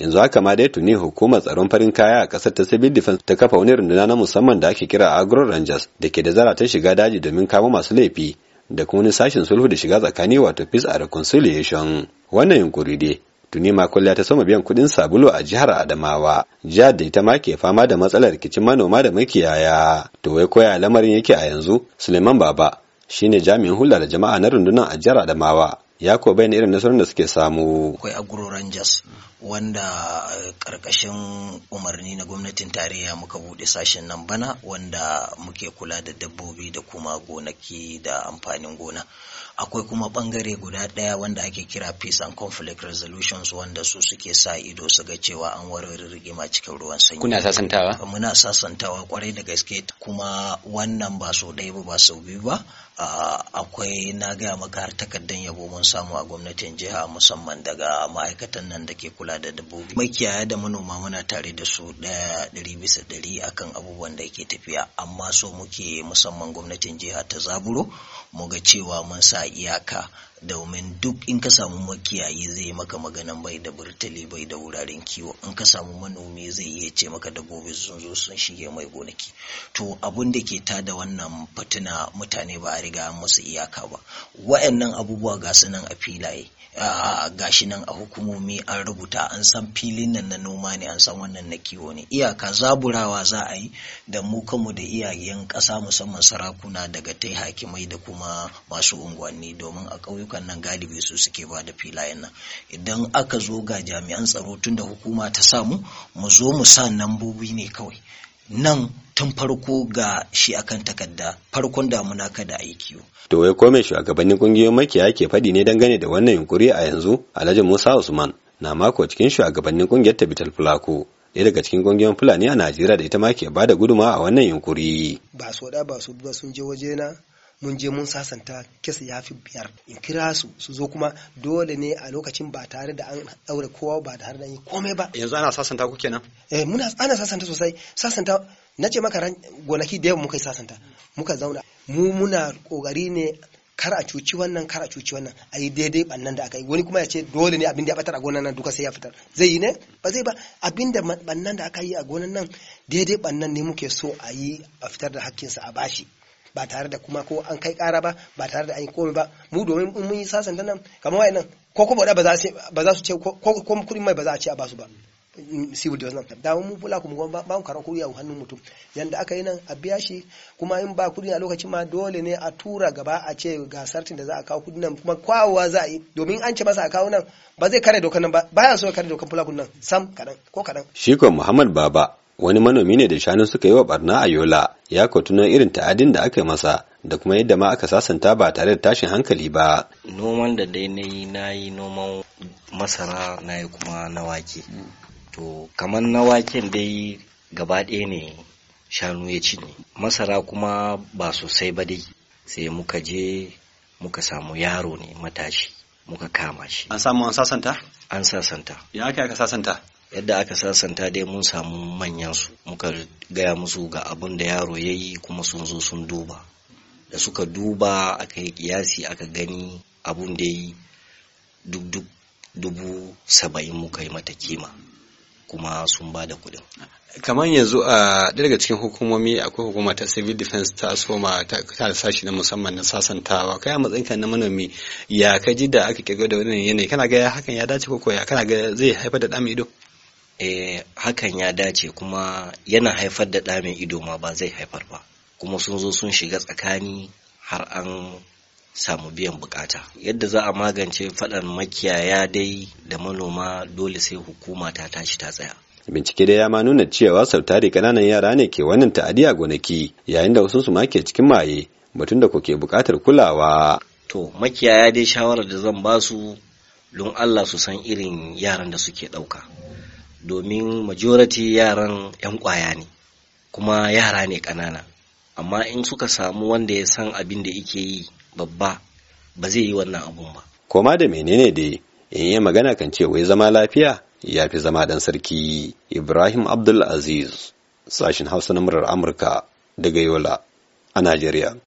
yanzu haka ma dai tuni hukumar tsaron farin kaya a kasar ta civil defense ta kafa wani runduna na musamman da ake kira agro rangers da ke da zara shiga daji domin kawo masu laifi da kuma wani sashen sulhu da shiga tsakani wato peace and reconciliation wannan yunkuri dai tuni ma kwalliya ta sama biyan kudin sabulu a jihar adamawa jihar da ita ma ke fama da matsalar rikicin manoma da makiyaya to wai koya lamarin yake a yanzu suleiman baba shine jami'in hulɗa da jama'a na rundunar a jihar adamawa ya ko bayan irin nasarar da suke samu akwai agro rangers wanda karkashin eh, umarni na gwamnatin tarayya muka bude sashen nan bana wanda muke kula da dabbobi da kuma gonaki da amfanin gona akwai kuma bangare guda daya wanda ake kira peace and conflict resolutions wanda su suke sa ido su ga cewa an warware rigima cikin ruwan sanyi kuna sasantawa muna sasantawa kwarai da gaske kuma wannan ba so ɗaya ba sau biyu ba ah, akwai na gaya maka har takardar yabo mun samu a gwamnatin jiha musamman daga ma'aikatan nan da ke kula da dabbobi makiyaya da manoma muna tare da su ɗaya ɗari bisa ɗari akan abubuwan da ke tafiya amma so muke musamman gwamnatin jiha ta zaburo mu ga cewa mun sa iyaka domin duk in ka samu makiyayi zai maka maganan bai da burtali bai da wuraren kiwo in ka samu manomi zai iya ce maka da gobe sun zo sun shige mai gonaki to abun da ke ta da wannan fatuna mutane ba a riga musu iyaka ba wa'annan abubuwa ga su nan a filaye ga shi nan a hukumomi an rubuta an san filin nan na noma ne an san wannan na kiwo ne iyaka zaburawa za a yi da mu kanmu da iyayen ƙasa musamman sarakuna daga tai hakimai da kuma masu unguwanni domin a ƙauye ƙauyukan nan galibi su suke ba da filayen nan idan aka zo ga jami'an tsaro tun da hukuma ta samu mu zo mu sa nambobi ne kawai nan tun farko ga shi akan takarda farkon damuna kada a yi kiwo. To wai kome shugabannin kungiyoyin makiya ke faɗi ne dangane da wannan yunkuri a yanzu Alhaji Musa Usman na mako cikin shugabannin kungiyar Tabital Fulako. ɗaya daga cikin kungiyoyin Fulani a Najeriya da ita ma ke bada gudumawa a wannan yunkuri. Ba su da ba su ba sun je waje na mun je mun sasanta kes ya fi biyar in kira su su zo kuma dole ne a lokacin ba tare da an daure kowa ba tare da yi komai ba yanzu ana sasanta ku kenan eh muna ana sasanta sosai sasanta na ce maka gonaki da yawa muka yi sasanta muka zauna mu muna kokari ne kar a cuci wannan kar a cuci wannan a yi daidai bannan da aka yi wani kuma ya ce dole ne abin da ya batar a gonan nan duka sai ya fitar zai yi ne ba zai ba abin da bannan da aka yi a gonan nan daidai bannan ne muke so a yi a fitar da hakkinsa a bashi ba tare da kuma ko an kai kara ba ba tare da an yi komai ba mu domin mun yi sasanta nan kamar nan ko ko ba za su ce ko kudin mai ba za a ce a basu ba civil defense nan da mun fula kuma ba mu karan kuriya hannun mutum yanda aka yi nan a biya shi kuma in ba kudin a lokacin ma dole ne a tura gaba a ce ga sartin da za a kawo kudin nan kuma kwawa za a yi domin an ce masa a kawo nan ba zai kare dokan nan ba baya so ya kare dokan fula nan sam kadan ko kadan shi ko Muhammad Baba wani manomi ne da shanu suka yi wa barna a yola ya kwatunan irin ta'adin da aka masa da kuma yadda ma aka sasanta ba tare da tashin hankali ba noman da dai na yi na yi noman masara na yi kuma na wake to kamar na waken dai gaba ɗaya ne shanu ya ne masara kuma ba sosai ba dai sai muka je muka samu yaro ne matashi muka kama shi an samu an sasanta an sasanta ya aka aka sasanta yadda aka sasanta dai mun samu manyan su muka gaya musu ga abin da yaro ya yi kuma sun zo sun duba da suka duba aka yi kiyasi aka gani abun da ya yi duk dubu saba'in muka yi mata kima kuma sun ba da kuɗin. kamar yanzu a daga cikin hukumomi akwai hukuma ta civil defense ta soma ta sashi na musamman na sasantawa kai a matsayinka na manomi ya ka ji da aka kirgo da wannan yanayi kana ga hakan ya dace ko ya kana ga zai haifar da dami ido eh, hakan ya dace kuma yana haifar da dami ido ma ba zai haifar ba kuma sun zo sun shiga tsakani har an samu biyan bukata yadda za a magance faɗan makiyaya dai da manoma dole sai hukuma ta tashi ta tsaya bincike da ya nuna cewa sautari kananan yara ne ke wannan ta'adi a gonaki yayin da wasu su ma ke cikin maye batun da kuke bukatar kulawa to makiyaya dai shawarar da zan ba su don Allah su san irin yaran da suke ɗauka domin majority yaran 'yan kwaya ne kuma yara ne ƙanana amma in suka samu wanda ya san abin da yake yi babba ba zai yi wannan abun ba koma da menene dai in yi magana kan ce wai zama lafiya ya fi zama dan sarki ibrahim abdul aziz sashin hausa na murar amurka daga yola a najeriya